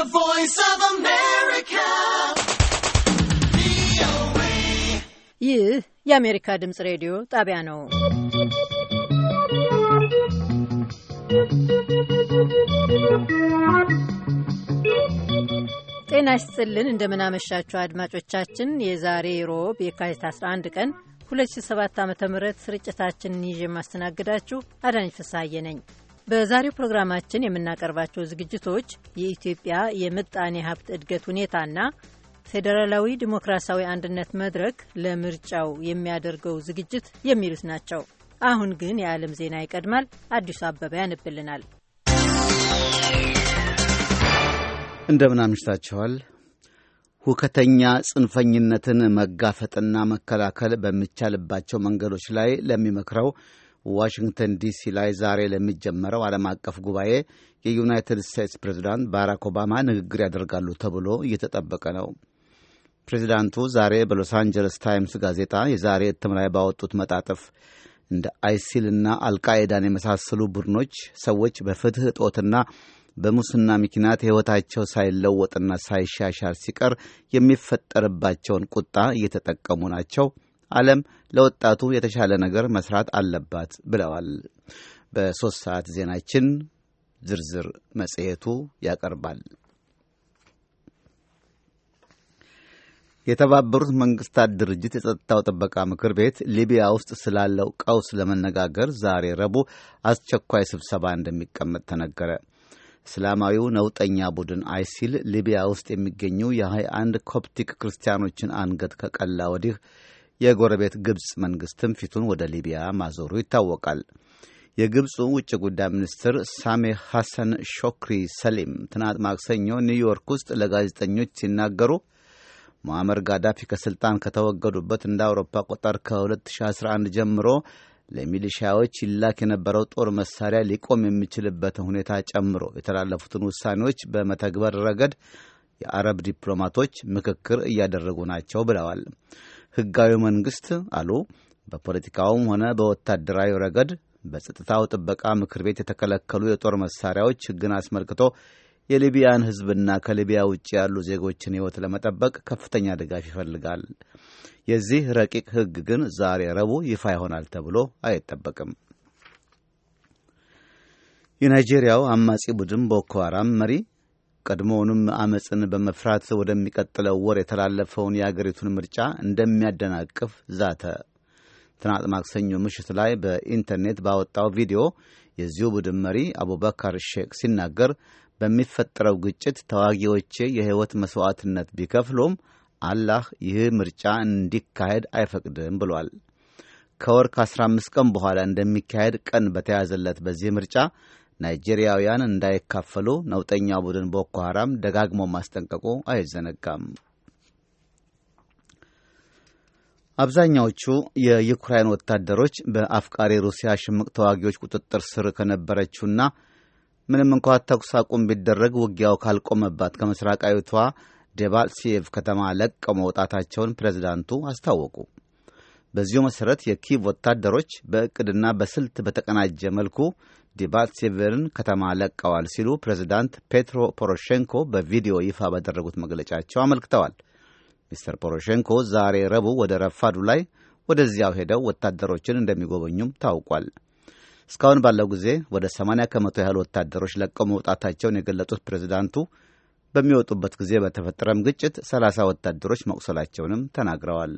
The Voice of America. ይህ የአሜሪካ ድምፅ ሬዲዮ ጣቢያ ነው። ጤና ይስጥልን፣ እንደምናመሻችሁ አድማጮቻችን። የዛሬ ሮብ የካቲት 11 ቀን 2007 ዓ ም ስርጭታችንን ይዤ የማስተናግዳችሁ አዳነች ፍስሐዬ ነኝ። በዛሬው ፕሮግራማችን የምናቀርባቸው ዝግጅቶች የኢትዮጵያ የምጣኔ ሀብት እድገት ሁኔታና ፌዴራላዊ ዲሞክራሲያዊ አንድነት መድረክ ለምርጫው የሚያደርገው ዝግጅት የሚሉት ናቸው። አሁን ግን የዓለም ዜና ይቀድማል። አዲሱ አበበ ያነብልናል። እንደምን አምሽታችኋል። ሁከተኛ ጽንፈኝነትን መጋፈጥና መከላከል በሚቻልባቸው መንገዶች ላይ ለሚመክረው ዋሽንግተን ዲሲ ላይ ዛሬ ለሚጀመረው ዓለም አቀፍ ጉባኤ የዩናይትድ ስቴትስ ፕሬዝዳንት ባራክ ኦባማ ንግግር ያደርጋሉ ተብሎ እየተጠበቀ ነው። ፕሬዚዳንቱ ዛሬ በሎስ አንጀለስ ታይምስ ጋዜጣ የዛሬ እትም ላይ ባወጡት መጣጥፍ እንደ አይሲልና አልቃኤዳን የመሳሰሉ ቡድኖች ሰዎች በፍትህ እጦትና በሙስና ምክንያት ሕይወታቸው ሳይለወጥና ሳይሻሻል ሲቀር የሚፈጠርባቸውን ቁጣ እየተጠቀሙ ናቸው ዓለም ለወጣቱ የተሻለ ነገር መስራት አለባት ብለዋል። በሦስት ሰዓት ዜናችን ዝርዝር መጽሔቱ ያቀርባል። የተባበሩት መንግስታት ድርጅት የጸጥታው ጥበቃ ምክር ቤት ሊቢያ ውስጥ ስላለው ቀውስ ለመነጋገር ዛሬ ረቡዕ አስቸኳይ ስብሰባ እንደሚቀመጥ ተነገረ። እስላማዊው ነውጠኛ ቡድን አይሲል ሊቢያ ውስጥ የሚገኙ የ21 ኮፕቲክ ክርስቲያኖችን አንገት ከቀላ ወዲህ የጎረቤት ግብፅ መንግስትም ፊቱን ወደ ሊቢያ ማዞሩ ይታወቃል። የግብፁ ውጭ ጉዳይ ሚኒስትር ሳሜ ሐሰን ሾክሪ ሰሊም ትናንት ማክሰኞ ኒውዮርክ ውስጥ ለጋዜጠኞች ሲናገሩ ሙአመር ጋዳፊ ከስልጣን ከተወገዱበት እንደ አውሮፓ ቆጠር ከ2011 ጀምሮ ለሚሊሻዎች ይላክ የነበረው ጦር መሳሪያ ሊቆም የሚችልበትን ሁኔታ ጨምሮ የተላለፉትን ውሳኔዎች በመተግበር ረገድ የአረብ ዲፕሎማቶች ምክክር እያደረጉ ናቸው ብለዋል። ህጋዊ መንግስት አሉ በፖለቲካውም ሆነ በወታደራዊ ረገድ በጸጥታው ጥበቃ ምክር ቤት የተከለከሉ የጦር መሳሪያዎች ህግን አስመልክቶ የሊቢያን ህዝብና ከሊቢያ ውጭ ያሉ ዜጎችን ሕይወት ለመጠበቅ ከፍተኛ ድጋፍ ይፈልጋል። የዚህ ረቂቅ ህግ ግን ዛሬ ረቡዕ ይፋ ይሆናል ተብሎ አይጠበቅም። የናይጄሪያው አማጺ ቡድን ቦኮ ሃራም መሪ ቀድሞውንም አመፅን በመፍራት ወደሚቀጥለው ወር የተላለፈውን የአገሪቱን ምርጫ እንደሚያደናቅፍ ዛተ። ትናንት ማክሰኞ ምሽት ላይ በኢንተርኔት ባወጣው ቪዲዮ የዚሁ ቡድን መሪ አቡበካር ሼክ ሲናገር በሚፈጠረው ግጭት ተዋጊዎቼ የሕይወት መስዋዕትነት ቢከፍሉም አላህ ይህ ምርጫ እንዲካሄድ አይፈቅድም ብሏል። ከወር ከ15 ቀን በኋላ እንደሚካሄድ ቀን በተያዘለት በዚህ ምርጫ ናይጄሪያውያን እንዳይካፈሉ ነውጠኛው ቡድን ቦኮ ሐራም ደጋግሞ ማስጠንቀቁ አይዘነጋም። አብዛኛዎቹ የዩክራይን ወታደሮች በአፍቃሪ ሩሲያ ሽምቅ ተዋጊዎች ቁጥጥር ስር ከነበረችውና ምንም እንኳ ተኩስ አቁም ቢደረግ ውጊያው ካልቆመባት ከምስራቃዊቷ ዴባልሲቭ ከተማ ለቀው መውጣታቸውን ፕሬዝዳንቱ አስታወቁ። በዚሁ መሠረት የኪቭ ወታደሮች በእቅድና በስልት በተቀናጀ መልኩ ዲባትሴቨርን ከተማ ለቀዋል ሲሉ ፕሬዚዳንት ፔትሮ ፖሮሼንኮ በቪዲዮ ይፋ ባደረጉት መግለጫቸው አመልክተዋል። ሚስተር ፖሮሼንኮ ዛሬ ረቡዕ ወደ ረፋዱ ላይ ወደዚያው ሄደው ወታደሮችን እንደሚጎበኙም ታውቋል። እስካሁን ባለው ጊዜ ወደ 80 ከመቶ ያህል ወታደሮች ለቀው መውጣታቸውን የገለጹት ፕሬዚዳንቱ በሚወጡበት ጊዜ በተፈጠረም ግጭት 30 ወታደሮች መቁሰላቸውንም ተናግረዋል።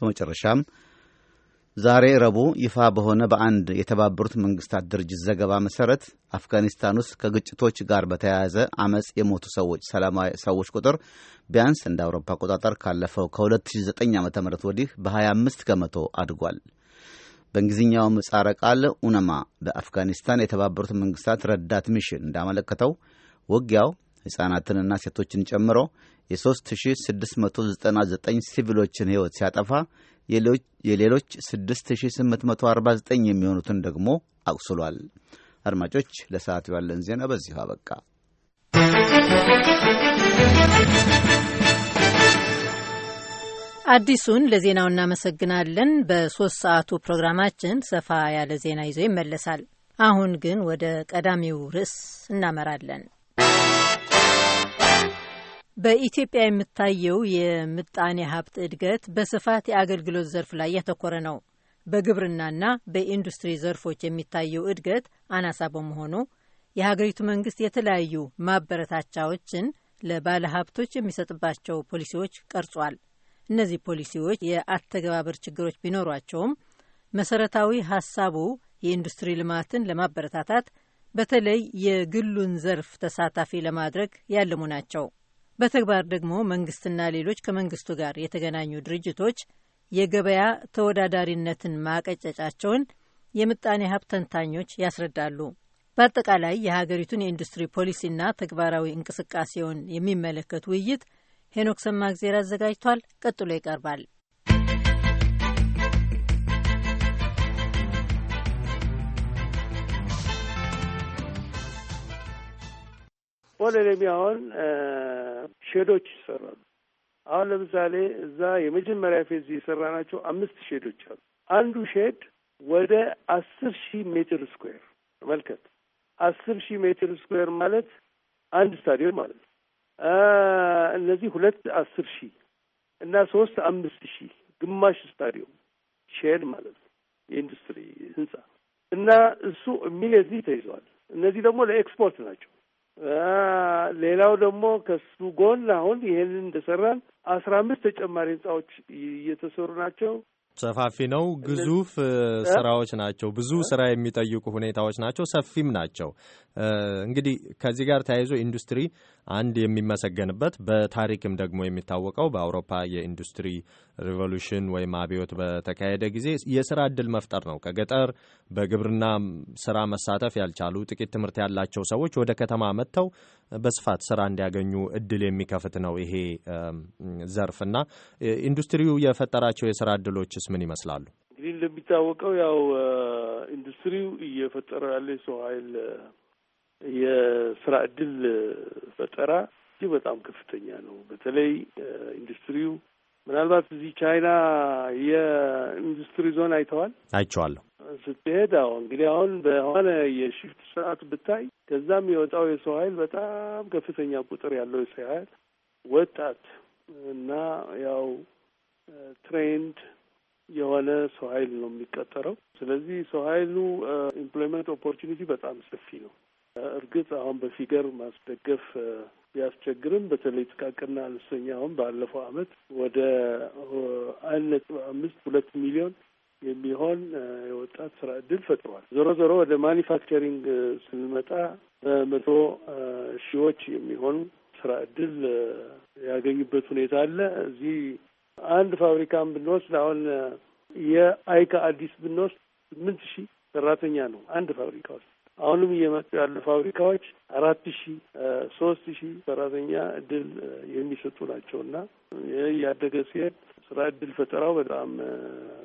በመጨረሻም ዛሬ ረቡዕ ይፋ በሆነ በአንድ የተባበሩት መንግስታት ድርጅት ዘገባ መሰረት አፍጋኒስታን ውስጥ ከግጭቶች ጋር በተያያዘ አመፅ የሞቱ ሰዎች ሰላማዊ ሰዎች ቁጥር ቢያንስ እንደ አውሮፓ አቆጣጠር ካለፈው ከ2009 ዓ ም ወዲህ በ25 ከመቶ አድጓል። በእንግሊዝኛው ምጻረ ቃል ኡነማ በአፍጋኒስታን የተባበሩት መንግስታት ረዳት ሚሽን እንዳመለከተው ውጊያው ሕፃናትንና ሴቶችን ጨምሮ የ3699 ሲቪሎችን ሕይወት ሲያጠፋ የሌሎች 6849 የሚሆኑትን ደግሞ አቁስሏል። አድማጮች፣ ለሰዓት ያለን ዜና በዚሁ አበቃ። አዲሱን ለዜናው እናመሰግናለን። በሦስት ሰዓቱ ፕሮግራማችን ሰፋ ያለ ዜና ይዞ ይመለሳል። አሁን ግን ወደ ቀዳሚው ርዕስ እናመራለን። በኢትዮጵያ የምታየው የምጣኔ ሀብት እድገት በስፋት የአገልግሎት ዘርፍ ላይ ያተኮረ ነው። በግብርናና በኢንዱስትሪ ዘርፎች የሚታየው እድገት አናሳ በመሆኑ የሀገሪቱ መንግስት የተለያዩ ማበረታቻዎችን ለባለ ሀብቶች የሚሰጥባቸው ፖሊሲዎች ቀርጿል። እነዚህ ፖሊሲዎች የአተገባበር ችግሮች ቢኖሯቸውም መሰረታዊ ሀሳቡ የኢንዱስትሪ ልማትን ለማበረታታት በተለይ የግሉን ዘርፍ ተሳታፊ ለማድረግ ያለሙ ናቸው። በተግባር ደግሞ መንግስትና ሌሎች ከመንግስቱ ጋር የተገናኙ ድርጅቶች የገበያ ተወዳዳሪነትን ማቀጨጫቸውን የምጣኔ ሀብት ተንታኞች ያስረዳሉ። በአጠቃላይ የሀገሪቱን የኢንዱስትሪ ፖሊሲና ተግባራዊ እንቅስቃሴውን የሚመለከት ውይይት ሄኖክ ሰማግዜር አዘጋጅቷል። ቀጥሎ ይቀርባል። ወለሌም አሁን ሼዶች ይሰራሉ። አሁን ለምሳሌ እዛ የመጀመሪያ ፌዝ የሰራ ናቸው አምስት ሼዶች አሉ። አንዱ ሼድ ወደ አስር ሺህ ሜትር ስኩዌር መልከት አስር ሺህ ሜትር ስኩዌር ማለት አንድ ስታዲየም ማለት ነው። እነዚህ ሁለት አስር ሺህ እና ሶስት አምስት ሺህ ግማሽ ስታዲየም ሼድ ማለት ነው። የኢንዱስትሪ ህንጻ እና እሱ የሚል ተይዘዋል። እነዚህ ደግሞ ለኤክስፖርት ናቸው። ሌላው ደግሞ ከሱ ጎን አሁን ይሄንን እንደሰራን አስራ አምስት ተጨማሪ ህንጻዎች እየተሰሩ ናቸው። ሰፋፊ ነው። ግዙፍ ስራዎች ናቸው። ብዙ ስራ የሚጠይቁ ሁኔታዎች ናቸው። ሰፊም ናቸው። እንግዲህ ከዚህ ጋር ተያይዞ ኢንዱስትሪ አንድ የሚመሰገንበት በታሪክም ደግሞ የሚታወቀው በአውሮፓ የኢንዱስትሪ ሪቮሉሽን ወይም አብዮት በተካሄደ ጊዜ የስራ እድል መፍጠር ነው። ከገጠር በግብርና ስራ መሳተፍ ያልቻሉ ጥቂት ትምህርት ያላቸው ሰዎች ወደ ከተማ መጥተው በስፋት ስራ እንዲያገኙ እድል የሚከፍት ነው ይሄ ዘርፍ እና ኢንዱስትሪው የፈጠራቸው የስራ እድሎችስ ምን ይመስላሉ? እንግዲህ እንደሚታወቀው ያው ኢንዱስትሪው እየፈጠረ ያለ የሰው ኃይል የስራ እድል ፈጠራ እጅግ በጣም ከፍተኛ ነው። በተለይ ኢንዱስትሪው ምናልባት እዚህ ቻይና የኢንዱስትሪ ዞን አይተዋል? አይቼዋለሁ። ስትሄድ አሁ እንግዲህ አሁን በሆነ የሽፍት ሰዓት ብታይ ከዛም የሚወጣው የሰው ኃይል በጣም ከፍተኛ ቁጥር ያለው የሰው ኃይል ወጣት እና ያው ትሬንድ የሆነ ሰው ኃይል ነው የሚቀጠረው። ስለዚህ ሰው ኃይሉ ኢምፕሎይመንት ኦፖርቹኒቲ በጣም ሰፊ ነው። እርግጥ አሁን በፊገር ማስደገፍ ቢያስቸግርም በተለይ ጥቃቅና አነስተኛ አሁን ባለፈው አመት ወደ አንድ ነጥብ አምስት ሁለት ሚሊዮን የሚሆን የወጣት ስራ እድል ፈጥሯል። ዞሮ ዞሮ ወደ ማኒፋክቸሪንግ ስንመጣ በመቶ ሺዎች የሚሆኑ ስራ እድል ያገኙበት ሁኔታ አለ። እዚህ አንድ ፋብሪካን ብንወስድ አሁን የአይካ አዲስ ብንወስድ ስምንት ሺህ ሰራተኛ ነው አንድ ፋብሪካ ውስጥ አሁንም እየመጡ ያሉ ፋብሪካዎች አራት ሺህ ሶስት ሺህ ሰራተኛ እድል የሚሰጡ ናቸው እና እያደገ ሲሄድ ስራ እድል ፈጠራው በጣም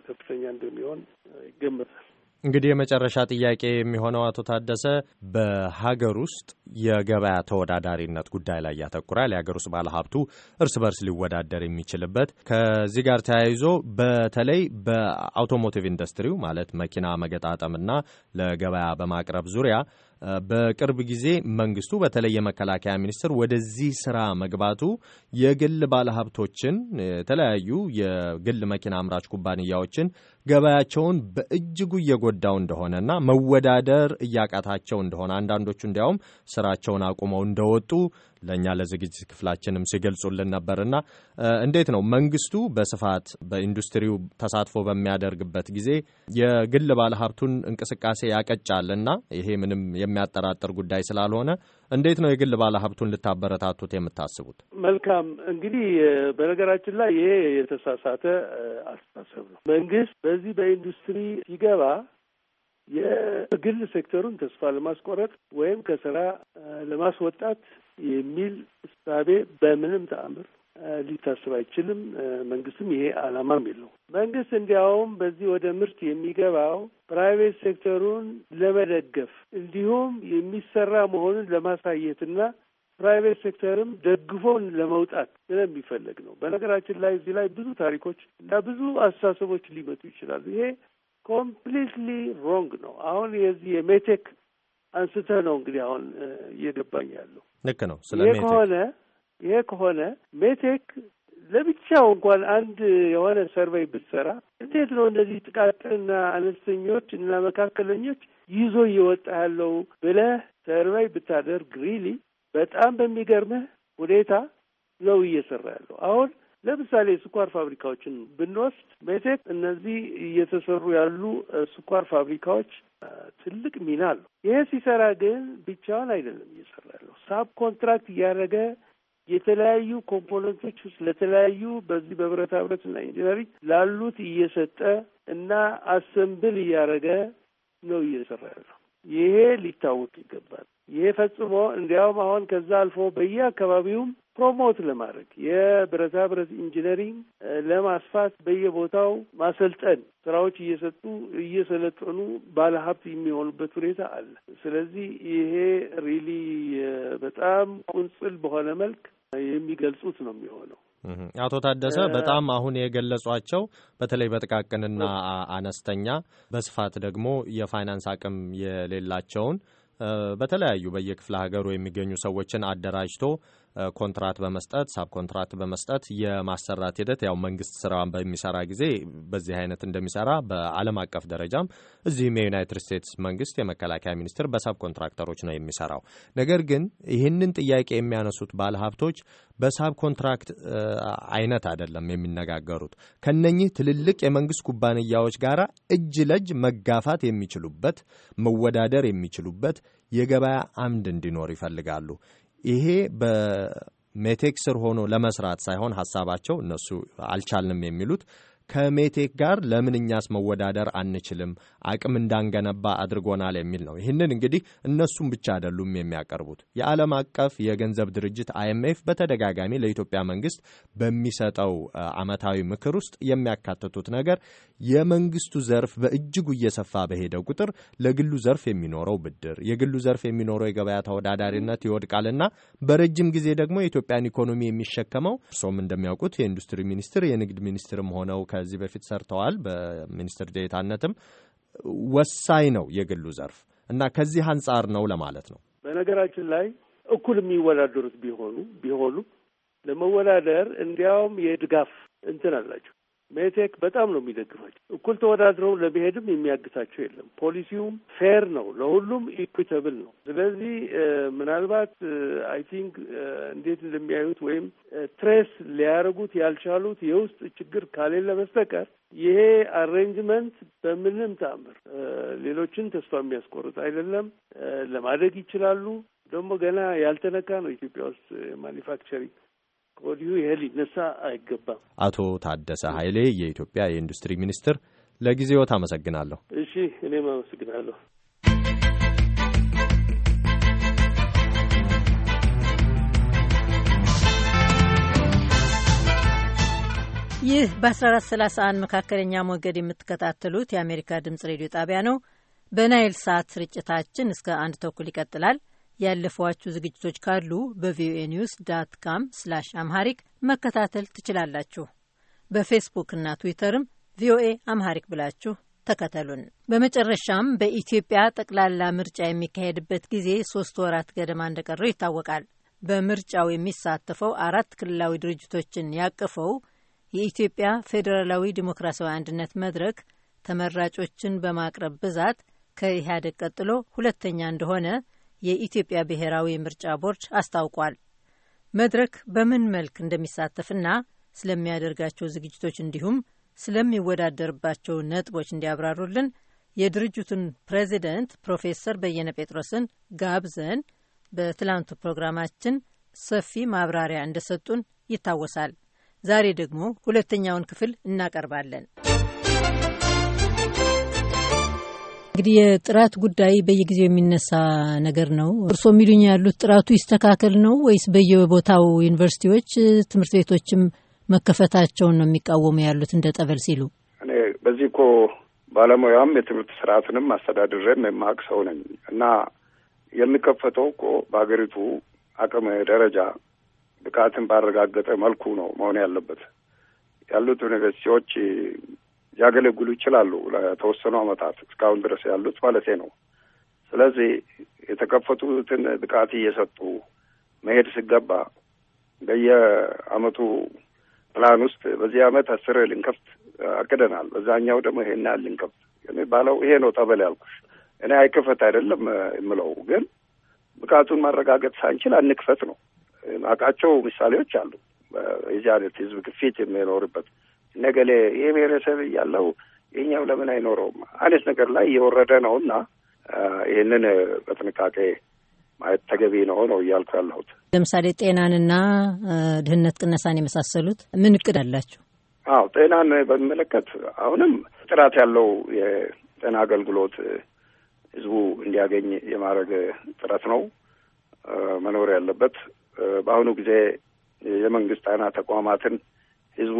ከፍተኛ እንደሚሆን ይገመታል። እንግዲህ የመጨረሻ ጥያቄ የሚሆነው አቶ ታደሰ በሀገር ውስጥ የገበያ ተወዳዳሪነት ጉዳይ ላይ ያተኩራል። የሀገር ውስጥ ባለሀብቱ እርስ በርስ ሊወዳደር የሚችልበት ከዚህ ጋር ተያይዞ በተለይ በአውቶሞቲቭ ኢንዱስትሪው ማለት መኪና መገጣጠምና ለገበያ በማቅረብ ዙሪያ በቅርብ ጊዜ መንግስቱ በተለይ የመከላከያ ሚኒስትር ወደዚህ ስራ መግባቱ የግል ባለሀብቶችን የተለያዩ የግል መኪና አምራች ኩባንያዎችን ገበያቸውን በእጅጉ እየጎዳው እንደሆነና መወዳደር እያቃታቸው እንደሆነ አንዳንዶቹ እንዲያውም ስራቸውን አቁመው እንደወጡ ለእኛ ለዝግጅት ክፍላችንም ሲገልጹልን ነበርና እንዴት ነው መንግስቱ በስፋት በኢንዱስትሪው ተሳትፎ በሚያደርግበት ጊዜ የግል ባለሀብቱን እንቅስቃሴ ያቀጫልና ይሄ ምንም የሚያጠራጥር ጉዳይ ስላልሆነ እንዴት ነው የግል ሀብቱን ልታበረታቱት የምታስቡት? መልካም እንግዲህ በነገራችን ላይ ይሄ የተሳሳተ አስተሳሰብ ነው። መንግስት በዚህ በኢንዱስትሪ ሲገባ የግል ሴክተሩን ተስፋ ለማስቆረጥ ወይም ከስራ ለማስወጣት የሚል እሳቤ በምንም ተአምር ሊታስብ አይችልም። መንግስትም ይሄ አላማ የለው። መንግስት እንዲያውም በዚህ ወደ ምርት የሚገባው ፕራይቬት ሴክተሩን ለመደገፍ እንዲሁም የሚሰራ መሆኑን ለማሳየትና ፕራይቬት ሴክተርም ደግፎን ለመውጣት ስለሚፈለግ ነው። በነገራችን ላይ እዚህ ላይ ብዙ ታሪኮች እና ብዙ አስተሳሰቦች ሊመጡ ይችላሉ። ይሄ ኮምፕሊትሊ ሮንግ ነው። አሁን የዚህ የሜቴክ አንስተህ ነው እንግዲህ አሁን እየገባኝ ያለው ልክ ነው። ስለ ከሆነ ይሄ ከሆነ ሜቴክ ለብቻው እንኳን አንድ የሆነ ሰርቬይ ብትሰራ እንዴት ነው እነዚህ ጥቃቅንና አነስተኞች እና መካከለኞች ይዞ እየወጣ ያለው ብለህ ሰርቬይ ብታደርግ ሪሊ በጣም በሚገርምህ ሁኔታ ነው እየሰራ ያለው አሁን ለምሳሌ ስኳር ፋብሪካዎችን ብንወስድ ሜቴክ እነዚህ እየተሰሩ ያሉ ስኳር ፋብሪካዎች ትልቅ ሚና አለው። ይሄ ሲሰራ ግን ብቻውን አይደለም እየሰራ ያለው ሳብ ኮንትራክት እያደረገ የተለያዩ ኮምፖነንቶች ውስጥ ለተለያዩ በዚህ በብረታ ብረትና ኢንጂነሪንግ ላሉት እየሰጠ እና አሰምብል እያደረገ ነው እየሰራ ያለው። ይሄ ሊታወቅ ይገባል። ይሄ ፈጽሞ እንዲያውም አሁን ከዛ አልፎ በየአካባቢውም ፕሮሞት ለማድረግ የብረታ ብረት ኢንጂነሪንግ ለማስፋት በየቦታው ማሰልጠን ስራዎች እየሰጡ እየሰለጠኑ ባለሀብት የሚሆኑበት ሁኔታ አለ። ስለዚህ ይሄ ሪሊ በጣም ቁንጽል በሆነ መልክ የሚገልጹት ነው የሚሆነው። አቶ ታደሰ በጣም አሁን የገለጿቸው በተለይ በጥቃቅንና አነስተኛ በስፋት ደግሞ የፋይናንስ አቅም የሌላቸውን በተለያዩ በየክፍለ ሀገሩ የሚገኙ ሰዎችን አደራጅቶ ኮንትራት በመስጠት ሳብ ኮንትራት በመስጠት የማሰራት ሂደት ያው መንግስት ስራዋን በሚሰራ ጊዜ በዚህ አይነት እንደሚሰራ በዓለም አቀፍ ደረጃም እዚህም የዩናይትድ ስቴትስ መንግስት የመከላከያ ሚኒስትር በሳብ ኮንትራክተሮች ነው የሚሰራው። ነገር ግን ይህንን ጥያቄ የሚያነሱት ባለሀብቶች በሳብ ኮንትራክት አይነት አይደለም የሚነጋገሩት ከነኚህ ትልልቅ የመንግስት ኩባንያዎች ጋር እጅ ለእጅ መጋፋት የሚችሉበት መወዳደር የሚችሉበት የገበያ አምድ እንዲኖር ይፈልጋሉ። ይሄ ስር ሆኖ ለመስራት ሳይሆን ሀሳባቸው እነሱ አልቻልንም የሚሉት ከሜቴክ ጋር ለምን እኛስ መወዳደር አንችልም? አቅም እንዳንገነባ አድርጎናል የሚል ነው። ይህንን እንግዲህ እነሱም ብቻ አይደሉም የሚያቀርቡት። የዓለም አቀፍ የገንዘብ ድርጅት አይኤምኤፍ በተደጋጋሚ ለኢትዮጵያ መንግስት በሚሰጠው ዓመታዊ ምክር ውስጥ የሚያካትቱት ነገር የመንግስቱ ዘርፍ በእጅጉ እየሰፋ በሄደ ቁጥር ለግሉ ዘርፍ የሚኖረው ብድር፣ የግሉ ዘርፍ የሚኖረው የገበያ ተወዳዳሪነት ይወድቃልና በረጅም ጊዜ ደግሞ የኢትዮጵያን ኢኮኖሚ የሚሸከመው እርሶም እንደሚያውቁት የኢንዱስትሪ ሚኒስትር የንግድ ሚኒስትርም ሆነው ከዚህ በፊት ሰርተዋል በሚኒስትር ዴታነትም ወሳኝ ነው የግሉ ዘርፍ እና ከዚህ አንጻር ነው ለማለት ነው። በነገራችን ላይ እኩል የሚወዳደሩት ቢሆኑ ቢሆኑ ለመወዳደር እንዲያውም የድጋፍ እንትን አላቸው ሜቴክ በጣም ነው የሚደግፋቸው። እኩል ተወዳድረው ለመሄድም የሚያግታቸው የለም። ፖሊሲውም ፌር ነው፣ ለሁሉም ኢኩተብል ነው። ስለዚህ ምናልባት አይ ቲንክ እንዴት እንደሚያዩት ወይም ትሬስ ሊያደርጉት ያልቻሉት የውስጥ ችግር ካሌለ በስተቀር ይሄ አሬንጅመንት በምንም ተአምር ሌሎችን ተስፋ የሚያስቆርጥ አይደለም። ለማደግ ይችላሉ። ደግሞ ገና ያልተነካ ነው ኢትዮጵያ ውስጥ ማኒፋክቸሪንግ ከወዲሁ ይሄ ሊነሳ አይገባም። አቶ ታደሰ ኃይሌ የኢትዮጵያ የኢንዱስትሪ ሚኒስትር፣ ለጊዜዎት አመሰግናለሁ። እሺ እኔም አመሰግናለሁ። ይህ በ1431 መካከለኛ ሞገድ የምትከታተሉት የአሜሪካ ድምጽ ሬዲዮ ጣቢያ ነው። በናይል ሳት ስርጭታችን እስከ አንድ ተኩል ይቀጥላል። ያለፏችሁ ዝግጅቶች ካሉ በቪኦኤ ኒውስ ዳት ካም ስላሽ አምሃሪክ መከታተል ትችላላችሁ። በፌስቡክና ትዊተርም ቪኦኤ አምሃሪክ ብላችሁ ተከተሉን። በመጨረሻም በኢትዮጵያ ጠቅላላ ምርጫ የሚካሄድበት ጊዜ ሶስት ወራት ገደማ እንደቀረው ይታወቃል። በምርጫው የሚሳተፈው አራት ክልላዊ ድርጅቶችን ያቀፈው የኢትዮጵያ ፌዴራላዊ ዲሞክራሲያዊ አንድነት መድረክ ተመራጮችን በማቅረብ ብዛት ከኢህአዴግ ቀጥሎ ሁለተኛ እንደሆነ የኢትዮጵያ ብሔራዊ ምርጫ ቦርድ አስታውቋል። መድረክ በምን መልክ እንደሚሳተፍና ስለሚያደርጋቸው ዝግጅቶች እንዲሁም ስለሚወዳደርባቸው ነጥቦች እንዲያብራሩልን የድርጅቱን ፕሬዚደንት ፕሮፌሰር በየነ ጴጥሮስን ጋብዘን በትላንቱ ፕሮግራማችን ሰፊ ማብራሪያ እንደሰጡን ይታወሳል። ዛሬ ደግሞ ሁለተኛውን ክፍል እናቀርባለን። እንግዲህ የጥራት ጉዳይ በየጊዜው የሚነሳ ነገር ነው። እርስዎ የሚሉኝ ያሉት ጥራቱ ይስተካከል ነው ወይስ በየቦታው ዩኒቨርሲቲዎች፣ ትምህርት ቤቶችም መከፈታቸውን ነው የሚቃወሙ ያሉት እንደ ጠበል ሲሉ? እኔ በዚህ እኮ ባለሙያም የትምህርት ስርዓትንም አስተዳድሬም የማቅ ሰው ነኝ እና የሚከፈተው እኮ በሀገሪቱ አቅም ደረጃ ብቃትን ባረጋገጠ መልኩ ነው መሆን ያለበት። ያሉት ዩኒቨርሲቲዎች ሊያገለግሉ ይችላሉ ለተወሰኑ አመታት እስካሁን ድረስ ያሉት ማለት ነው። ስለዚህ የተከፈቱትን ብቃት እየሰጡ መሄድ ሲገባ በየአመቱ ፕላን ውስጥ በዚህ አመት አስር ልንከፍት አቅደናል፣ በዛኛው ደግሞ ይሄን ያህል ልንከፍት የሚባለው ይሄ ነው። ጠበል ያልኩሽ እኔ አይክፈት አይደለም የምለው ግን ብቃቱን ማረጋገጥ ሳንችል አንክፈት ነው። አውቃቸው ምሳሌዎች አሉ። የዚህ አይነት ህዝብ ግፊት የሚኖርበት ነገሌ ይሄ ብሔረሰብ እያለው ይህኛው ለምን አይኖረውም አይነት ነገር ላይ እየወረደ ነው እና ይህንን በጥንቃቄ ማየት ተገቢ ነው ነው እያልኩ ያለሁት። ለምሳሌ ጤናንና ድህነት ቅነሳን የመሳሰሉት ምን እቅድ አላቸው? አዎ ጤናን በሚመለከት አሁንም ጥራት ያለው የጤና አገልግሎት ህዝቡ እንዲያገኝ የማድረግ ጥረት ነው መኖር ያለበት። በአሁኑ ጊዜ የመንግስት ጤና ተቋማትን ህዝቡ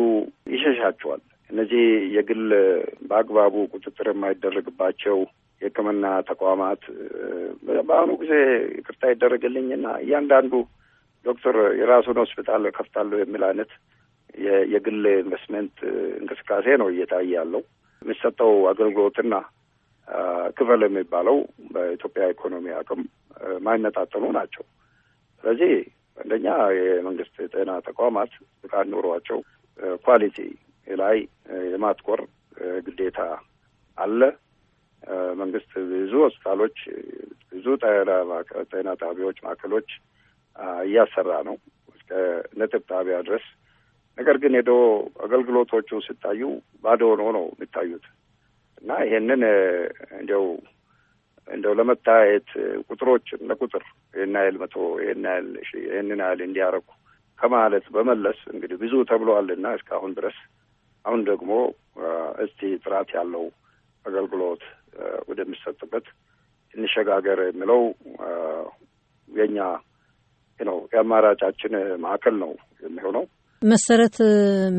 ይሸሻቸዋል። እነዚህ የግል በአግባቡ ቁጥጥር የማይደረግባቸው የሕክምና ተቋማት በአሁኑ ጊዜ ይቅርታ ይደረግልኝና እያንዳንዱ ዶክተር የራሱን ሆስፒታል ከፍታለሁ የሚል አይነት የግል ኢንቨስትመንት እንቅስቃሴ ነው እየታየ ያለው። የሚሰጠው አገልግሎትና ክፈል የሚባለው በኢትዮጵያ ኢኮኖሚ አቅም ማይመጣጠኑ ናቸው። ስለዚህ አንደኛ የመንግስት የጤና ተቋማት ብቃት ኑሯቸው ኳሊቲ ላይ የማትኮር ግዴታ አለ። መንግስት ብዙ ሆስፒታሎች፣ ብዙ ጤና ጣቢያዎች፣ ማዕከሎች እያሰራ ነው እስከ ነጥብ ጣቢያ ድረስ። ነገር ግን ሄዶ አገልግሎቶቹ ሲታዩ ባዶ ሆኖ ነው የሚታዩት እና ይሄንን እንዲያው እንደው ለመታየት ቁጥሮች ለቁጥር ይህን ያህል መቶ ይህን ያህል ይህንን ያህል እንዲያረኩ ከማለት በመለስ እንግዲህ ብዙ ተብሏልና እስካሁን ድረስ አሁን ደግሞ እስቲ ጥራት ያለው አገልግሎት ወደሚሰጥበት እንሸጋገር የሚለው የኛ ነው የአማራጫችን ማዕከል ነው የሚሆነው። መሰረት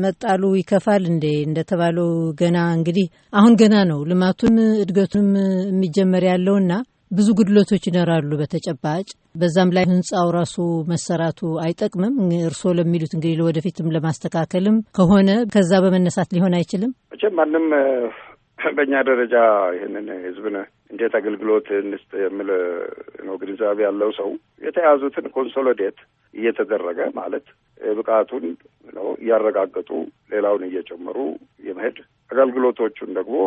መጣሉ ይከፋል እንዴ? እንደተባለው ገና እንግዲህ አሁን ገና ነው ልማቱም እድገቱም የሚጀመር ያለውና ብዙ ጉድለቶች ይኖራሉ በተጨባጭ በዛም ላይ ህንፃው ራሱ መሰራቱ አይጠቅምም። እርስዎ ለሚሉት እንግዲህ ለወደፊትም ለማስተካከልም ከሆነ ከዛ በመነሳት ሊሆን አይችልም። መቼም ማንም በእኛ ደረጃ ይህንን ህዝብን እንዴት አገልግሎት እንስጥ የሚል ነው ግንዛቤ ያለው ሰው የተያዙትን ኮንሶሊዴት እየተደረገ ማለት ብቃቱን ነው እያረጋገጡ ሌላውን እየጨመሩ የመሄድ አገልግሎቶቹን ደግሞ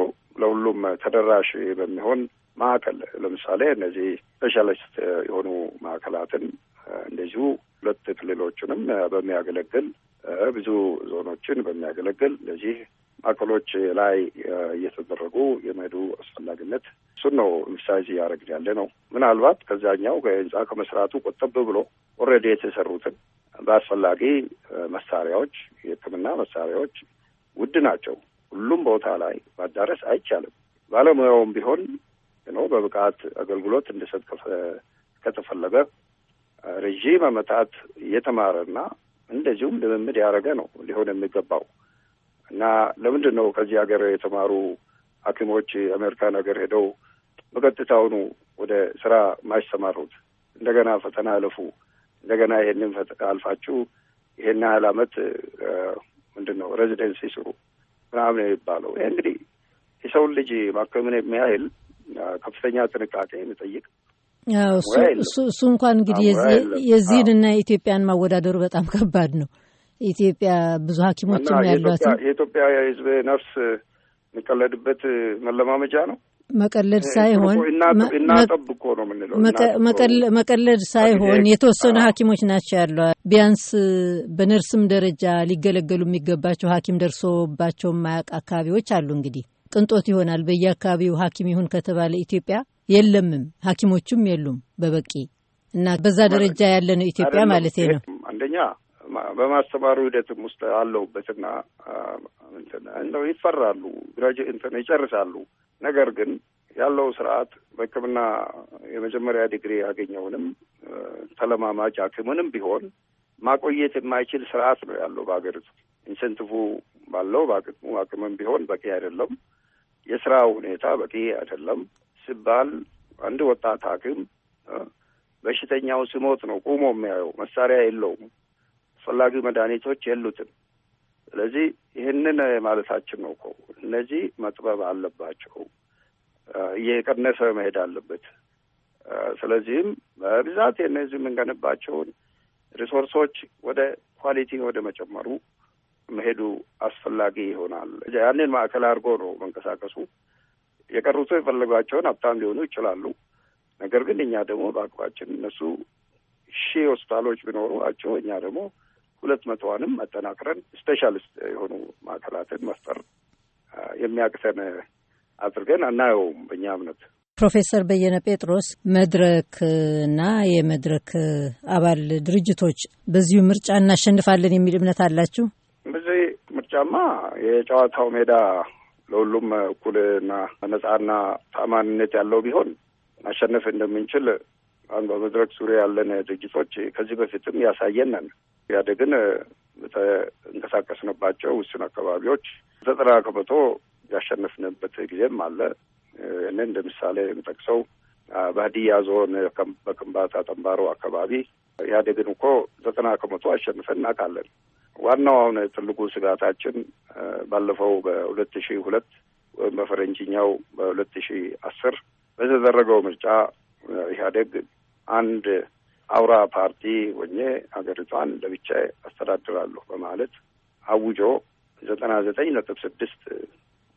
ለሁሉም ተደራሽ በሚሆን ማዕከል ለምሳሌ እነዚህ ስፔሻሊስት የሆኑ ማዕከላትን እንደዚሁ ሁለት ክልሎችንም በሚያገለግል ብዙ ዞኖችን በሚያገለግል እነዚህ ማዕከሎች ላይ እየተደረጉ የመሄዱ አስፈላጊነት እሱን ነው ምሳሌ እያደረግን ያለ ነው። ምናልባት ከዛኛው ከህንፃ ከመስራቱ ቆጠብ ብሎ ኦልሬዲ የተሰሩትን በአስፈላጊ መሳሪያዎች፣ የህክምና መሳሪያዎች ውድ ናቸው። ሁሉም ቦታ ላይ ማዳረስ አይቻልም። ባለሙያውም ቢሆን ነው በብቃት አገልግሎት እንዲሰጥ ከተፈለገ ረዥም ዓመታት የተማረና እንደዚሁም ልምምድ ያደረገ ነው ሊሆን የሚገባው እና ለምንድን ነው ከዚህ ሀገር የተማሩ ሐኪሞች የአሜሪካን ሀገር ሄደው በቀጥታውኑ ወደ ስራ ማይሰማሩት? እንደገና ፈተና አለፉ። እንደገና ይሄንን አልፋችሁ ይሄን ያህል አመት ምንድን ነው ሬዚደንሲ ስሩ ምናምን የሚባለው። ይህ እንግዲህ የሰውን ልጅ ማከምን የሚያህል ከፍተኛ ጥንቃቄ የሚጠይቅ እሱ እንኳን እንግዲህ የዚህን እና የኢትዮጵያን ማወዳደሩ በጣም ከባድ ነው። ኢትዮጵያ ብዙ ሐኪሞችም ያሏት የኢትዮጵያ የሕዝብ ነፍስ የሚቀለድበት መለማመጃ ነው። መቀለድ ሳይሆን እናጠብቆ ነው የምንለው። መቀለድ ሳይሆን የተወሰኑ ሐኪሞች ናቸው ያለ ቢያንስ በነርስም ደረጃ ሊገለገሉ የሚገባቸው ሐኪም ደርሶባቸው የማያውቅ አካባቢዎች አሉ እንግዲህ ቅንጦት ይሆናል። በየአካባቢው ሐኪም ይሁን ከተባለ ኢትዮጵያ የለምም፣ ሐኪሞቹም የሉም በበቂ እና በዛ ደረጃ ያለ ነው ኢትዮጵያ ማለት ነው። አንደኛ በማስተማሩ ሂደትም ውስጥ አለሁበትና እንደው ይፈራሉ እንትን ይጨርሳሉ። ነገር ግን ያለው ስርዓት በሕክምና የመጀመሪያ ዲግሪ ያገኘውንም ተለማማጅ አክምንም ቢሆን ማቆየት የማይችል ስርዓት ነው ያለው በሀገሪቱ ኢንሴንቲቭ ባለው በአቅሙ አቅምም ቢሆን በቂ አይደለም። የስራ ሁኔታ በቂ አይደለም ሲባል አንድ ወጣት ሐኪም በሽተኛው ሲሞት ነው ቁሞ የሚያየው። መሳሪያ የለውም፣ አስፈላጊ መድኃኒቶች የሉትም። ስለዚህ ይህንን ማለታችን ነው እኮ እነዚህ መጥበብ አለባቸው፣ እየቀነሰ መሄድ አለበት። ስለዚህም በብዛት የእነዚህ የምንገንባቸውን ሪሶርሶች ወደ ኳሊቲ ወደ መጨመሩ መሄዱ አስፈላጊ ይሆናል። ያንን ማዕከል አድርጎ ነው መንቀሳቀሱ። የቀሩት የፈለጓቸውን ሀብታም ሊሆኑ ይችላሉ። ነገር ግን እኛ ደግሞ በአቅባችን እነሱ ሺህ ሆስፒታሎች ቢኖሯቸው እኛ ደግሞ ሁለት መቶዋንም አጠናክረን ስፔሻሊስት የሆኑ ማዕከላትን መፍጠር የሚያቅተን አድርገን አናየውም በእኛ እምነት። ፕሮፌሰር በየነ ጴጥሮስ መድረክና የመድረክ አባል ድርጅቶች በዚሁ ምርጫ እናሸንፋለን የሚል እምነት አላችሁ? በዚህ ምርጫማ የጨዋታው ሜዳ ለሁሉም እኩልና ነጻና ተአማኒነት ያለው ቢሆን ማሸነፍ እንደምንችል አሁን በመድረክ ዙሪያ ያለን ድርጅቶች ከዚህ በፊትም ያሳየነን ያደግን በተንቀሳቀስንባቸው ውስን አካባቢዎች ዘጠና ከመቶ ያሸነፍንበት ጊዜም አለ። እኔ እንደ ምሳሌ የምጠቅሰው በሀዲያ ዞን በከምባታ ጠንባሮ አካባቢ ኢህአዴግን እኮ ዘጠና ከመቶ አሸንፈን እናውቃለን። ዋናው አሁን ትልቁ ስጋታችን ባለፈው በሁለት ሺ ሁለት ወይም በፈረንጅኛው በሁለት ሺ አስር በተደረገው ምርጫ ኢህአዴግ አንድ አውራ ፓርቲ ሆኜ ሀገሪቷን ለብቻ አስተዳድራለሁ በማለት አውጆ ዘጠና ዘጠኝ ነጥብ ስድስት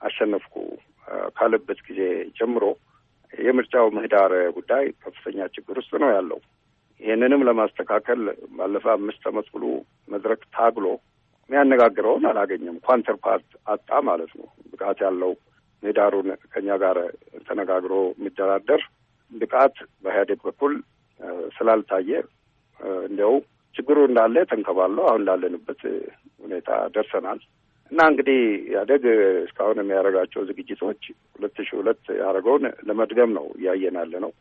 አሸነፍኩ ካለበት ጊዜ ጀምሮ የምርጫው ምህዳር ጉዳይ ከፍተኛ ችግር ውስጥ ነው ያለው። ይህንንም ለማስተካከል ባለፈ አምስት ዓመት ብሎ ታግሎ የሚያነጋግረውን አላገኘም። ኳንተር ፓርት አጣ ማለት ነው። ብቃት ያለው ሜዳሩን ከኛ ጋር ተነጋግሮ የሚደራደር ብቃት በኢህአዴግ በኩል ስላልታየ እንዲያው ችግሩ እንዳለ ተንከባለው አሁን እንዳለንበት ሁኔታ ደርሰናል እና እንግዲህ ኢህአዴግ እስካሁን የሚያደርጋቸው ዝግጅቶች ሁለት ሺ ሁለት ያደረገውን ለመድገም ነው እያየን ያለ ነው።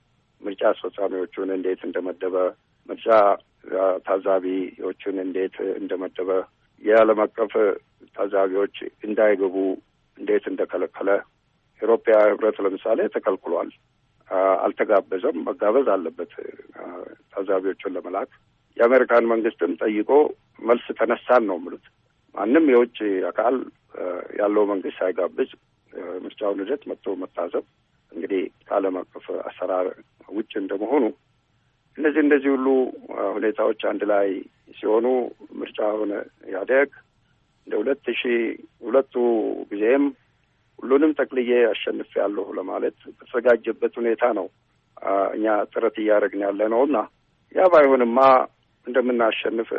ምርጫ አስፈጻሚዎቹን እንዴት እንደመደበ ምርጫ ታዛቢዎቹን እንዴት እንደመደበ የዓለም አቀፍ ታዛቢዎች እንዳይገቡ እንዴት እንደከለከለ ኤሮፓያ ህብረት ለምሳሌ ተከልክሏል። አልተጋበዘም። መጋበዝ አለበት ታዛቢዎቹን ለመላክ። የአሜሪካን መንግስትም ጠይቆ መልስ ተነሳን ነው ምሉት። ማንም የውጭ አካል ያለው መንግስት ሳይጋብዝ ምርጫውን ሂደት መጥቶ መታዘብ እንግዲህ ከዓለም አቀፍ አሰራር ውጭ እንደመሆኑ እነዚህ እነዚህ ሁሉ ሁኔታዎች አንድ ላይ ሲሆኑ ሆነ ኢህአዴግ እንደ ሁለት ሺ ሁለቱ ጊዜም ሁሉንም ጠቅልዬ ያለሁ ለማለት በተዘጋጀበት ሁኔታ ነው እኛ ጥረት እያደረግን ያለ ነው እና ያ ባይሆንማ እንደምናሸንፍ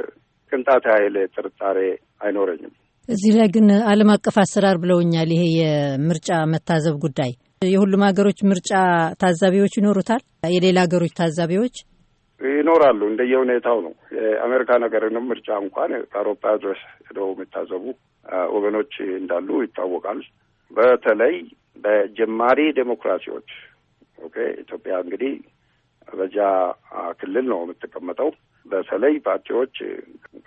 ቅንጣት ያህል ጥርጣሬ አይኖረኝም። እዚህ ላይ ግን ዓለም አቀፍ አሰራር ብለውኛል። ይሄ የምርጫ መታዘብ ጉዳይ የሁሉም ሀገሮች ምርጫ ታዛቢዎች ይኖሩታል። የሌላ ሀገሮች ታዛቢዎች ይኖራሉ። እንደየሁኔታው ነው። የአሜሪካን ነገርንም ምርጫ እንኳን ከአውሮፓ ድረስ ሄደው የሚታዘቡ ወገኖች እንዳሉ ይታወቃል። በተለይ በጀማሪ ዴሞክራሲዎች ኦኬ፣ ኢትዮጵያ እንግዲህ በዛ ክልል ነው የምትቀመጠው። በተለይ ፓርቲዎች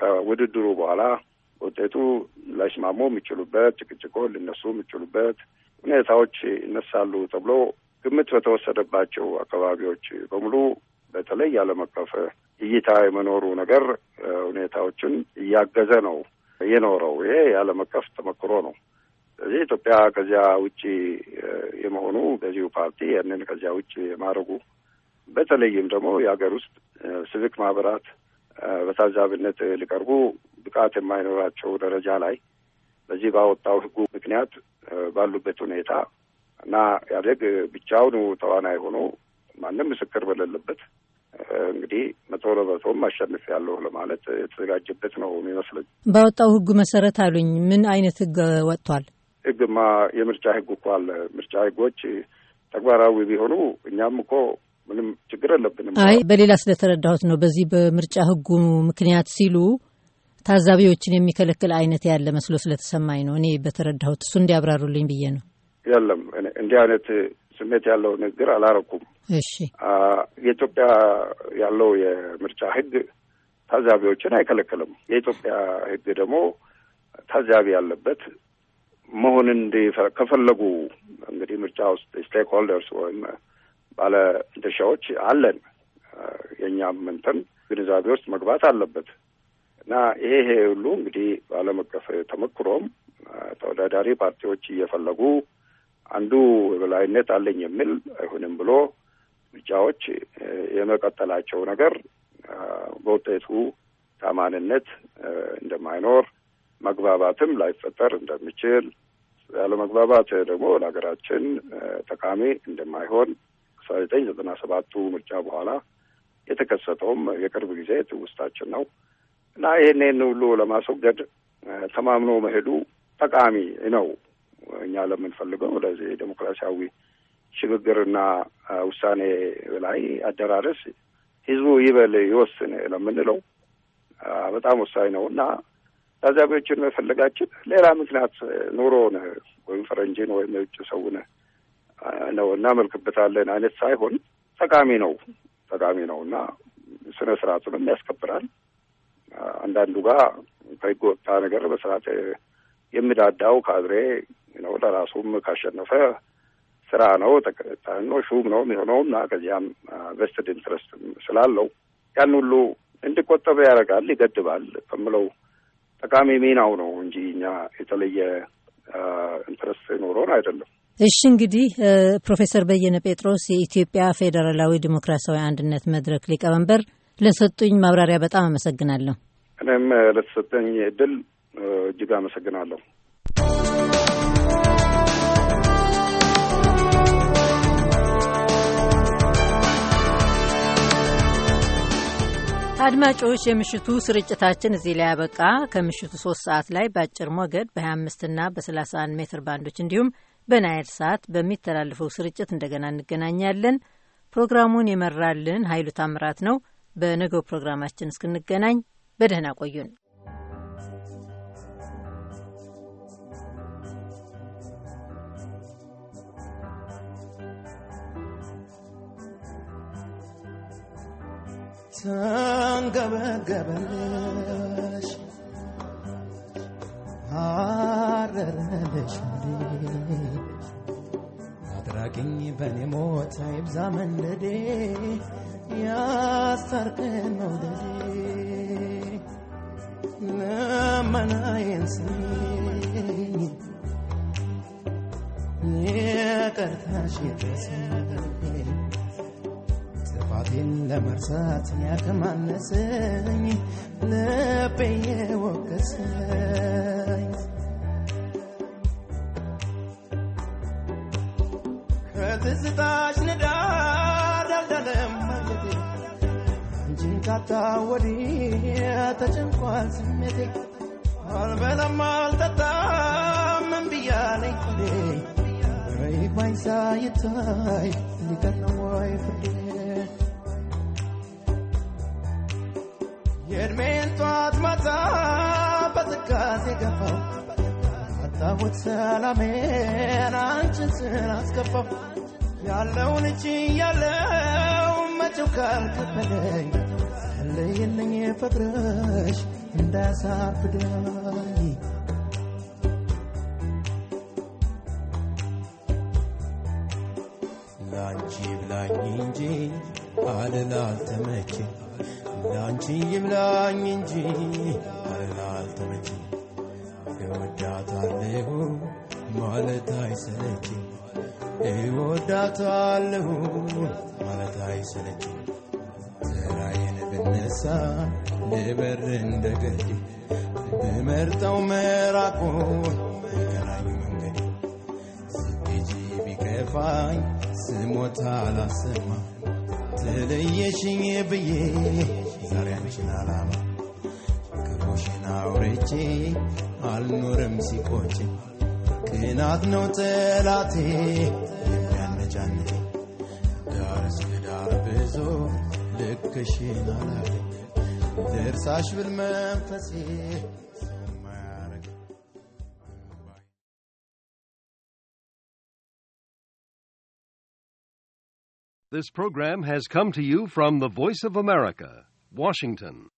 ከውድድሩ በኋላ ውጤቱ ላይስማሙ የሚችሉበት ጭቅጭቆ ሊነሱ የሚችሉበት ሁኔታዎች ይነሳሉ ተብሎ ግምት በተወሰደባቸው አካባቢዎች በሙሉ በተለይ ዓለም አቀፍ እይታ የመኖሩ ነገር ሁኔታዎችን እያገዘ ነው የኖረው። ይሄ የዓለም አቀፍ ተመክሮ ነው። ስለዚህ ኢትዮጵያ ከዚያ ውጭ የመሆኑ በዚሁ ፓርቲ ያንን ከዚያ ውጭ የማድረጉ በተለይም ደግሞ የሀገር ውስጥ ሲቪክ ማህበራት በታዛቢነት ሊቀርቡ ብቃት የማይኖራቸው ደረጃ ላይ በዚህ ባወጣው ሕጉ ምክንያት ባሉበት ሁኔታ እና ያደግ ብቻውኑ ተዋናይ ሆኖ ማንም ምስክር በሌለበት እንግዲህ መቶ ለመቶም አሸንፍ ያለሁ ለማለት የተዘጋጀበት ነው የሚመስለኝ። ባወጣው ህጉ መሰረት አሉኝ። ምን አይነት ህግ ወጥቷል? ህግማ የምርጫ ህግ እኮ አለ። ምርጫ ህጎች ተግባራዊ ቢሆኑ እኛም እኮ ምንም ችግር የለብንም። አይ በሌላ ስለተረዳሁት ነው። በዚህ በምርጫ ህጉ ምክንያት ሲሉ ታዛቢዎችን የሚከለክል አይነት ያለ መስሎ ስለተሰማኝ ነው እኔ በተረዳሁት። እሱ እንዲያብራሩልኝ ብዬ ነው። የለም እንዲህ አይነት ስሜት ያለው ንግግር አላረኩም። እሺ የኢትዮጵያ ያለው የምርጫ ህግ ታዛቢዎችን አይከለከልም። የኢትዮጵያ ህግ ደግሞ ታዛቢ ያለበት መሆን እንዲ ከፈለጉ እንግዲህ ምርጫ ውስጥ ስቴክ ሆልደርስ ወይም ባለ ድርሻዎች አለን። የእኛም እንትን ግንዛቤ ውስጥ መግባት አለበት እና ይሄ ይሄ ሁሉ እንግዲህ በዓለም አቀፍ ተመክሮም ተወዳዳሪ ፓርቲዎች እየፈለጉ አንዱ የበላይነት አለኝ የሚል አይሁንም ብሎ ምርጫዎች የመቀጠላቸው ነገር በውጤቱ ታማንነት እንደማይኖር መግባባትም ላይፈጠር እንደሚችል መግባባት ደግሞ ለሀገራችን ጠቃሚ እንደማይሆን አስራ ዘጠና ሰባቱ ምርጫ በኋላ የተከሰተውም የቅርብ ጊዜ ትውስታችን ነው እና ይህንን ሁሉ ለማስወገድ ተማምኖ መሄዱ ጠቃሚ ነው። እኛ ለምንፈልገው ለዚህ ዴሞክራሲያዊ ሽግግርና ውሳኔ ላይ አደራረስ ህዝቡ ይበል ይወስን ለምንለው በጣም ወሳኝ ነው እና ታዛቢዎችን መፈለጋችን ሌላ ምክንያት ኑሮን ወይም ፈረንጅን ወይም የውጭ ሰውን ነው እናመልክበታለን አይነት ሳይሆን ጠቃሚ ነው ጠቃሚ ነው እና ስነ ስርዓቱንም ያስከብራል። አንዳንዱ ጋር ከህግ ወጣ ነገር በስርዓት የሚዳዳው ካድሬ ነው ለራሱም ካሸነፈ ስራ ነው ተቀጣኖ ሹም ነው የሚሆነው እና ከዚያም ቨስትድ ኢንትረስት ስላለው ያን ሁሉ እንዲቆጠበ ያደርጋል፣ ይገድባል ከምለው ጠቃሚ ሚናው ነው እንጂ እኛ የተለየ ኢንትረስት ኖሮን አይደለም። እሺ እንግዲህ ፕሮፌሰር በየነ ጴጥሮስ የኢትዮጵያ ፌዴራላዊ ዲሞክራሲያዊ አንድነት መድረክ ሊቀመንበር ለሰጡኝ ማብራሪያ በጣም አመሰግናለሁ። እኔም ለተሰጠኝ እድል እጅግ አመሰግናለሁ። አድማጮች የምሽቱ ስርጭታችን እዚህ ላይ ያበቃ። ከምሽቱ ሶስት ሰዓት ላይ በአጭር ሞገድ በ25 ና በ31 ሜትር ባንዶች እንዲሁም በናይል ሰዓት በሚተላለፈው ስርጭት እንደገና እንገናኛለን። ፕሮግራሙን የመራልን ኃይሉ ታምራት ነው። በነገው ፕሮግራማችን እስክንገናኝ በደህና ቆዩን። ተንገበገበልሽ አረረልሽ አድራጊኝ በኔ ሞት አይብዛ መንደዴ ያስታርቅን መውደዴ ለመናዬን ስሚኝ ይቅርታሽ ይድረሰኝ ጥፋቴን ለመርሳት ያተማነሰኝ ልቤ የወቀሰኝ ከትዝታሽ ንዳድ አልዳነም ማለቴ አንቺን ካጣሁ ወዲህ ተጨንቋል ስሜቴ አልበላም አልጠጣም ብያለኝ ፍሬ ባይሳ ይታይ ሊቀነው ፍርዴ የእድሜን ጧት ማታ በትካዜ ገፋው አጣሁት ሰላሜን አንቺን ስላስገባው ያለውን እጅ ያለው መቼው ካልከበደኝ ለይልኝ ፍቅርሽ እንዳያሳብደኝ ላንቺ ብላኝ እንጂ አልል አልተመቼ አንቺ ይብላኝ እንጂ አላልተመች እወዳታለሁ ማለት አይሰለች እወዳታለሁ ማለት አይሰለች ተራዬን ብነሳ ልበር እንደ ብመርጠው መራቆን ይገናኙ መንገድ ስትሄጂ ቢከፋኝ ስሞታ አላሰማ ተለየሽኝ ብዬ የፈጣሪያንችን አላማ ክቦሽን አውርቼ አልኖርም ሲቆች ቅናት ነው ጠላቴ የሚያነጫንጭ ዳር እስከዳር ብዙ ልክሽን አላለ ደርሳሽ ብል መንፈሴ This program has come to you from the Voice of America, Washington.